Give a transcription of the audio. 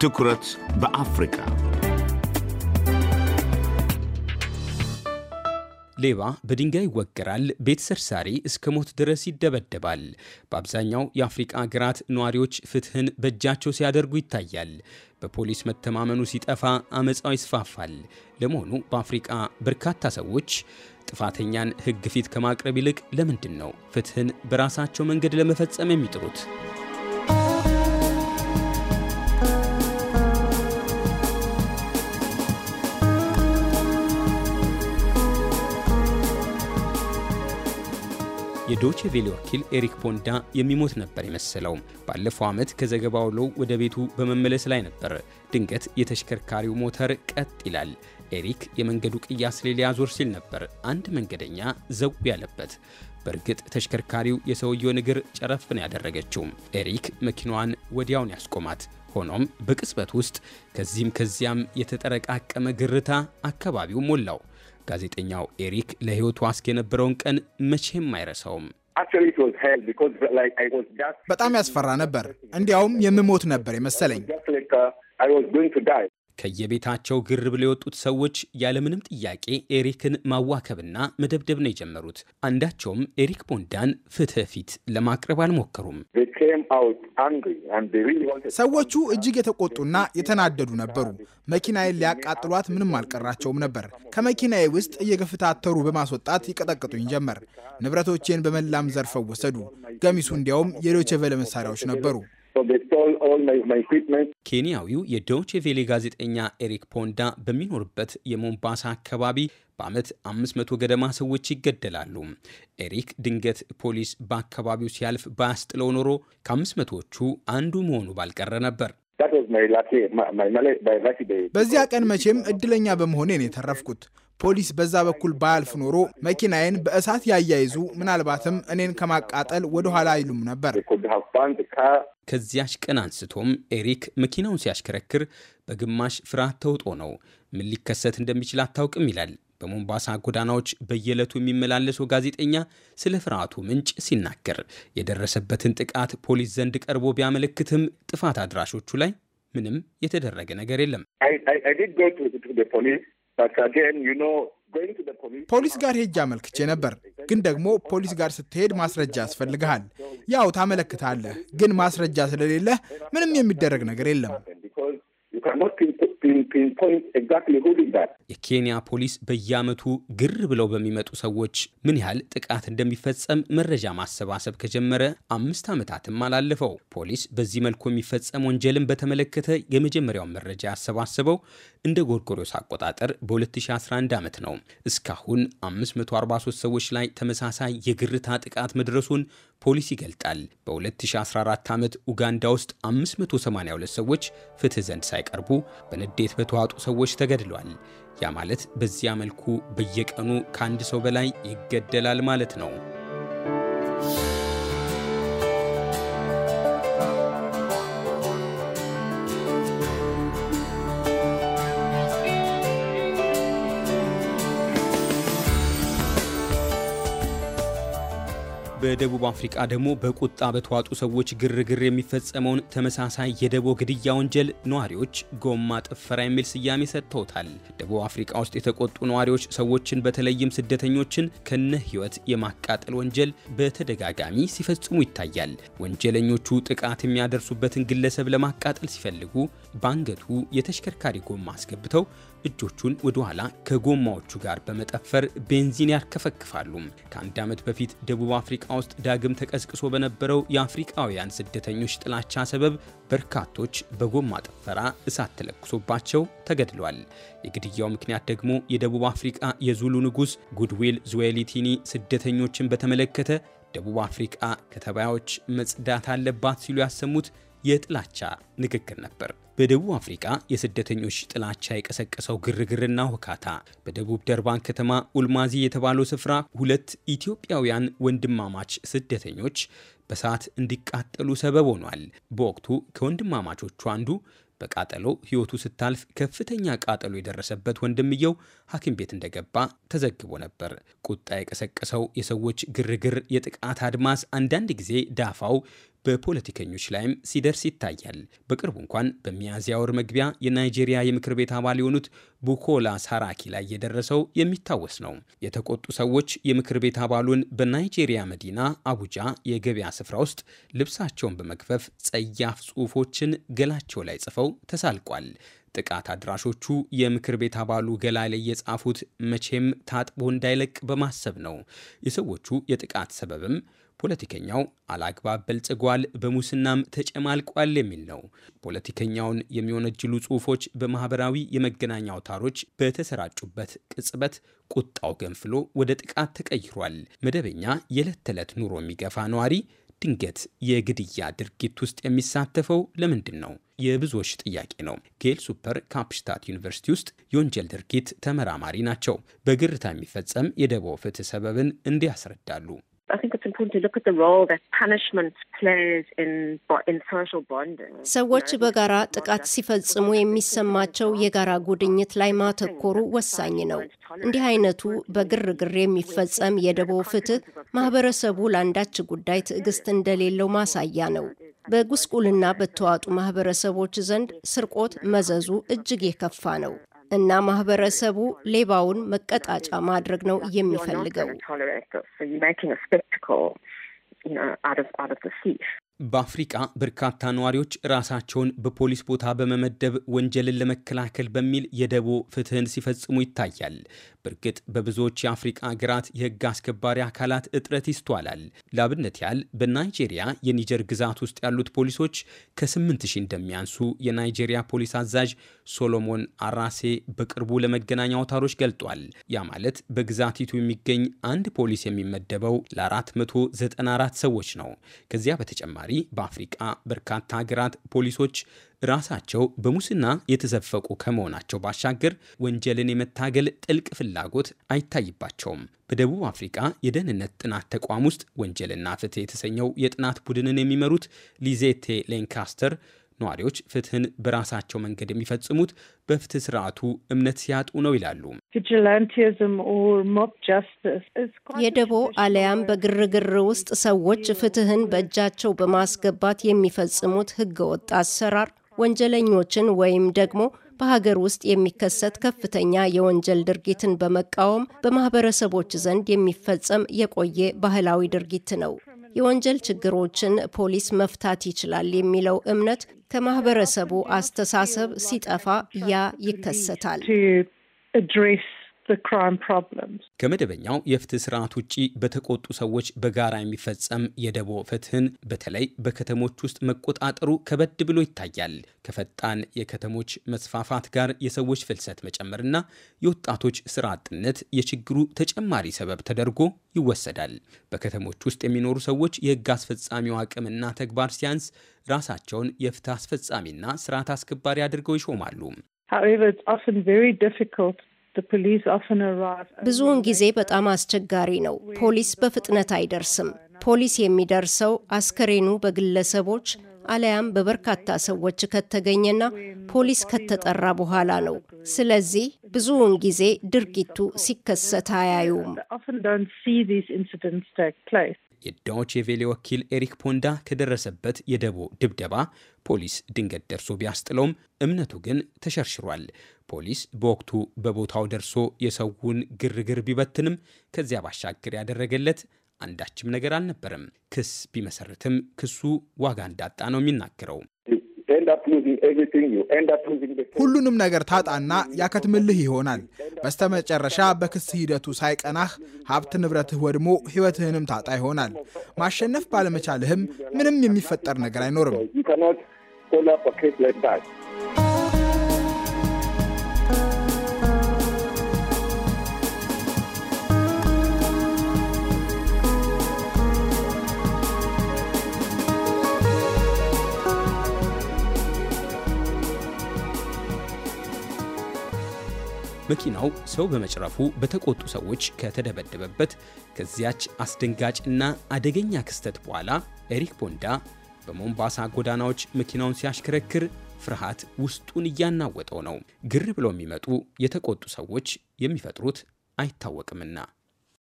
ትኩረት በአፍሪካ ሌባ በድንጋይ ይወገራል፣ ቤት ሰርሳሪ እስከ ሞት ድረስ ይደበደባል። በአብዛኛው የአፍሪቃ ሀገራት ነዋሪዎች ፍትህን በእጃቸው ሲያደርጉ ይታያል። በፖሊስ መተማመኑ ሲጠፋ አመፃው ይስፋፋል። ለመሆኑ በአፍሪቃ በርካታ ሰዎች ጥፋተኛን ህግ ፊት ከማቅረብ ይልቅ ለምንድን ነው ፍትህን በራሳቸው መንገድ ለመፈጸም የሚጥሩት? የዶቼ ቬሌ ወኪል ኤሪክ ቦንዳ የሚሞት ነበር የመሰለው። ባለፈው ዓመት ከዘገባው ውሎው ወደ ቤቱ በመመለስ ላይ ነበር። ድንገት የተሽከርካሪው ሞተር ቀጥ ይላል። ኤሪክ የመንገዱ ቅያስ ሌላ ዞር ሲል ነበር አንድ መንገደኛ ዘው ያለበት። በእርግጥ ተሽከርካሪው የሰውየውን እግር ጨረፍ ነው ያደረገችው። ኤሪክ መኪናዋን ወዲያውን ያስቆማት። ሆኖም በቅጽበት ውስጥ ከዚህም ከዚያም የተጠረቃቀመ ግርታ አካባቢው ሞላው። ጋዜጠኛው ኤሪክ ለህይወቱ አስጊ የነበረውን ቀን መቼም አይረሳውም። በጣም ያስፈራ ነበር። እንዲያውም የምሞት ነበር የመሰለኝ። ከየቤታቸው ግር ብለው የወጡት ሰዎች ያለምንም ጥያቄ ኤሪክን ማዋከብና መደብደብ ነው የጀመሩት። አንዳቸውም ኤሪክ ቦንዳን ፍትህ ፊት ለማቅረብ አልሞከሩም። ሰዎቹ እጅግ የተቆጡና የተናደዱ ነበሩ። መኪናዬን ሊያቃጥሏት ምንም አልቀራቸውም ነበር። ከመኪናዬ ውስጥ እየገፍታተሩ በማስወጣት ይቀጠቅጡኝ ጀመር። ንብረቶቼን በመላም ዘርፈው ወሰዱ። ገሚሱ እንዲያውም የዶቼ ቬለ መሳሪያዎች ነበሩ። ኬንያዊው የዶችቬሌ ጋዜጠኛ ኤሪክ ፖንዳ በሚኖርበት የሞምባሳ አካባቢ በዓመት 500 ገደማ ሰዎች ይገደላሉ። ኤሪክ ድንገት ፖሊስ በአካባቢው ሲያልፍ ባያስጥለው ኖሮ ከ500ዎቹ አንዱ መሆኑ ባልቀረ ነበር። በዚያ ቀን መቼም እድለኛ በመሆኔ ነው የተረፍኩት። ፖሊስ በዛ በኩል ባያልፍ ኖሮ መኪናዬን በእሳት ያያይዙ፣ ምናልባትም እኔን ከማቃጠል ወደኋላ አይሉም ነበር። ከዚያች ቀን አንስቶም ኤሪክ መኪናውን ሲያሽከረክር በግማሽ ፍርሃት ተውጦ ነው። ምን ሊከሰት እንደሚችል አታውቅም ይላል። በሞምባሳ ጎዳናዎች በየዕለቱ የሚመላለሰው ጋዜጠኛ ስለ ፍርሃቱ ምንጭ ሲናገር የደረሰበትን ጥቃት ፖሊስ ዘንድ ቀርቦ ቢያመለክትም ጥፋት አድራሾቹ ላይ ምንም የተደረገ ነገር የለም። ፖሊስ ጋር ሄጄ አመልክቼ ነበር። ግን ደግሞ ፖሊስ ጋር ስትሄድ ማስረጃ ያስፈልግሃል። ያው ታመለክታለህ፣ ግን ማስረጃ ስለሌለ ምንም የሚደረግ ነገር የለም። የኬንያ ፖሊስ በየዓመቱ ግር ብለው በሚመጡ ሰዎች ምን ያህል ጥቃት እንደሚፈጸም መረጃ ማሰባሰብ ከጀመረ አምስት ዓመታትም አላለፈው። ፖሊስ በዚህ መልኩ የሚፈጸም ወንጀልን በተመለከተ የመጀመሪያውን መረጃ ያሰባሰበው እንደ ጎርጎሮስ አቆጣጠር በ2011 ዓመት ነው። እስካሁን 543 ሰዎች ላይ ተመሳሳይ የግርታ ጥቃት መድረሱን ፖሊስ ይገልጣል። በ2014 ዓመት ኡጋንዳ ውስጥ 582 ሰዎች ፍትህ ዘንድ ሳይቀርቡ በንዴት በተዋጡ ሰዎች ተገድለዋል። ያ ማለት በዚያ መልኩ በየቀኑ ከአንድ ሰው በላይ ይገደላል ማለት ነው። በደቡብ አፍሪቃ ደግሞ በቁጣ በተዋጡ ሰዎች ግርግር የሚፈጸመውን ተመሳሳይ የደቦ ግድያ ወንጀል ነዋሪዎች ጎማ ጥፈራ የሚል ስያሜ ሰጥተውታል። ደቡብ አፍሪቃ ውስጥ የተቆጡ ነዋሪዎች ሰዎችን በተለይም ስደተኞችን ከነ ሕይወት የማቃጠል ወንጀል በተደጋጋሚ ሲፈጽሙ ይታያል። ወንጀለኞቹ ጥቃት የሚያደርሱበትን ግለሰብ ለማቃጠል ሲፈልጉ በአንገቱ የተሽከርካሪ ጎማ አስገብተው እጆቹን ወደ ኋላ ከጎማዎቹ ጋር በመጠፈር ቤንዚን ያርከፈክፋሉ። ከአንድ ዓመት በፊት ደቡብ አፍሪካ ውስጥ ዳግም ተቀስቅሶ በነበረው የአፍሪቃውያን ስደተኞች ጥላቻ ሰበብ በርካቶች በጎማ ጠፈራ እሳት ተለኩሶባቸው ተገድለዋል። የግድያው ምክንያት ደግሞ የደቡብ አፍሪቃ የዙሉ ንጉሥ ጉድዊል ዙዌሊቲኒ ስደተኞችን በተመለከተ ደቡብ አፍሪቃ ከተባዮች መጽዳት አለባት ሲሉ ያሰሙት የጥላቻ ንግግር ነበር። በደቡብ አፍሪቃ የስደተኞች ጥላቻ የቀሰቀሰው ግርግርና ሁካታ በደቡብ ደርባን ከተማ ኡልማዚ የተባለው ስፍራ ሁለት ኢትዮጵያውያን ወንድማማች ስደተኞች በሰዓት እንዲቃጠሉ ሰበብ ሆኗል። በወቅቱ ከወንድማማቾቹ አንዱ በቃጠሎ ሕይወቱ ስታልፍ ከፍተኛ ቃጠሎ የደረሰበት ወንድምየው ሐኪም ቤት እንደገባ ተዘግቦ ነበር። ቁጣ የቀሰቀሰው የሰዎች ግርግር፣ የጥቃት አድማስ አንዳንድ ጊዜ ዳፋው በፖለቲከኞች ላይም ሲደርስ ይታያል። በቅርቡ እንኳን በሚያዝያ ወር መግቢያ የናይጄሪያ የምክር ቤት አባል የሆኑት ቡኮላ ሳራኪ ላይ የደረሰው የሚታወስ ነው። የተቆጡ ሰዎች የምክር ቤት አባሉን በናይጄሪያ መዲና አቡጃ የገበያ ስፍራ ውስጥ ልብሳቸውን በመግፈፍ ጸያፍ ጽሑፎችን ገላቸው ላይ ጽፈው ተሳልቋል። ጥቃት አድራሾቹ የምክር ቤት አባሉ ገላ ላይ የጻፉት መቼም ታጥቦ እንዳይለቅ በማሰብ ነው። የሰዎቹ የጥቃት ሰበብም ፖለቲከኛው አላግባብ በልጽጓል፣ በሙስናም ተጨማልቋል የሚል ነው። ፖለቲከኛውን የሚወነጅሉ ጽሑፎች በማህበራዊ የመገናኛ አውታሮች በተሰራጩበት ቅጽበት ቁጣው ገንፍሎ ወደ ጥቃት ተቀይሯል። መደበኛ የዕለት ተዕለት ኑሮ የሚገፋ ነዋሪ ድንገት የግድያ ድርጊት ውስጥ የሚሳተፈው ለምንድን ነው? የብዙዎች ጥያቄ ነው። ጌል ሱፐር ካፕሽታት ዩኒቨርሲቲ ውስጥ የወንጀል ድርጊት ተመራማሪ ናቸው። በግርታ የሚፈጸም የደቦ ፍትህ ሰበብን እንዲህ ያስረዳሉ። ሰዎች በጋራ ጥቃት ሲፈጽሙ የሚሰማቸው የጋራ ጉድኝት ላይ ማተኮሩ ወሳኝ ነው። እንዲህ አይነቱ በግርግር የሚፈጸም የደቦ ፍትህ ማህበረሰቡ ለአንዳች ጉዳይ ትዕግስት እንደሌለው ማሳያ ነው። በጉስቁልና በተዋጡ ማህበረሰቦች ዘንድ ስርቆት መዘዙ እጅግ የከፋ ነው። እና ማህበረሰቡ ሌባውን መቀጣጫ ማድረግ ነው የሚፈልገው። በአፍሪቃ በርካታ ነዋሪዎች ራሳቸውን በፖሊስ ቦታ በመመደብ ወንጀልን ለመከላከል በሚል የደቦ ፍትህን ሲፈጽሙ ይታያል። በእርግጥ በብዙዎች የአፍሪቃ ሀገራት የህግ አስከባሪ አካላት እጥረት ይስተዋላል። ለአብነት ያህል በናይጄሪያ የኒጀር ግዛት ውስጥ ያሉት ፖሊሶች ከስምንት ሺህ እንደሚያንሱ የናይጄሪያ ፖሊስ አዛዥ ሶሎሞን አራሴ በቅርቡ ለመገናኛ አውታሮች ገልጧል። ያ ማለት በግዛቲቱ የሚገኝ አንድ ፖሊስ የሚመደበው ለ494 ሰዎች ነው። ከዚያ በተጨማሪ በተጨማሪ በአፍሪቃ በርካታ ሀገራት ፖሊሶች ራሳቸው በሙስና የተዘፈቁ ከመሆናቸው ባሻገር ወንጀልን የመታገል ጥልቅ ፍላጎት አይታይባቸውም። በደቡብ አፍሪካ የደህንነት ጥናት ተቋም ውስጥ ወንጀልና ፍትህ የተሰኘው የጥናት ቡድንን የሚመሩት ሊዜቴ ሌንካስተር ነዋሪዎች ፍትህን በራሳቸው መንገድ የሚፈጽሙት በፍትህ ስርዓቱ እምነት ሲያጡ ነው ይላሉ። የደቦ አለያም በግርግር ውስጥ ሰዎች ፍትህን በእጃቸው በማስገባት የሚፈጽሙት ህገወጥ አሰራር ወንጀለኞችን ወይም ደግሞ በሀገር ውስጥ የሚከሰት ከፍተኛ የወንጀል ድርጊትን በመቃወም በማህበረሰቦች ዘንድ የሚፈጸም የቆየ ባህላዊ ድርጊት ነው። የወንጀል ችግሮችን ፖሊስ መፍታት ይችላል የሚለው እምነት ከማህበረሰቡ አስተሳሰብ ሲጠፋ ያ ይከሰታል። ከመደበኛው የፍትህ ስርዓት ውጪ በተቆጡ ሰዎች በጋራ የሚፈጸም የደቦ ፍትህን በተለይ በከተሞች ውስጥ መቆጣጠሩ ከበድ ብሎ ይታያል። ከፈጣን የከተሞች መስፋፋት ጋር የሰዎች ፍልሰት መጨመርና የወጣቶች ስራ አጥነት የችግሩ ተጨማሪ ሰበብ ተደርጎ ይወሰዳል። በከተሞች ውስጥ የሚኖሩ ሰዎች የህግ አስፈጻሚው አቅምና ተግባር ሲያንስ ራሳቸውን የፍትህ አስፈጻሚና ስርዓት አስከባሪ አድርገው ይሾማሉ። ብዙውን ጊዜ በጣም አስቸጋሪ ነው። ፖሊስ በፍጥነት አይደርስም። ፖሊስ የሚደርሰው አስከሬኑ በግለሰቦች አለያም በበርካታ ሰዎች ከተገኘና ፖሊስ ከተጠራ በኋላ ነው። ስለዚህ ብዙውን ጊዜ ድርጊቱ ሲከሰት አያዩም። የዳዎች ቬሌ ወኪል ኤሪክ ፖንዳ ከደረሰበት የደቦ ድብደባ ፖሊስ ድንገት ደርሶ ቢያስጥለውም እምነቱ ግን ተሸርሽሯል። ፖሊስ በወቅቱ በቦታው ደርሶ የሰውን ግርግር ቢበትንም ከዚያ ባሻገር ያደረገለት አንዳችም ነገር አልነበረም። ክስ ቢመሰርትም ክሱ ዋጋ እንዳጣ ነው የሚናገረው። ሁሉንም ነገር ታጣና ያከትምልህ ይሆናል። በስተመጨረሻ በክስ ሂደቱ ሳይቀናህ ሀብት ንብረትህ ወድሞ ሕይወትህንም ታጣ ይሆናል። ማሸነፍ ባለመቻልህም ምንም የሚፈጠር ነገር አይኖርም። መኪናው ሰው በመጭረፉ በተቆጡ ሰዎች ከተደበደበበት ከዚያች አስደንጋጭና አደገኛ ክስተት በኋላ ኤሪክ ቦንዳ በሞምባሳ ጎዳናዎች መኪናውን ሲያሽከረክር ፍርሃት ውስጡን እያናወጠው ነው። ግር ብለው የሚመጡ የተቆጡ ሰዎች የሚፈጥሩት አይታወቅምና